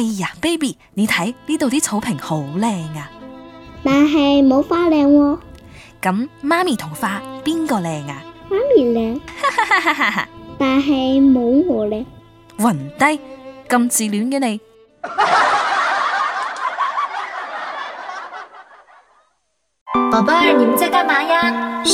哎呀，baby，你睇呢度啲草坪好靚啊，但係冇花靚喎。咁，媽咪同花邊個靚啊？媽咪靚，但係冇我靚。暈低，咁自戀嘅你。寶貝兒，你們在幹嗎呀？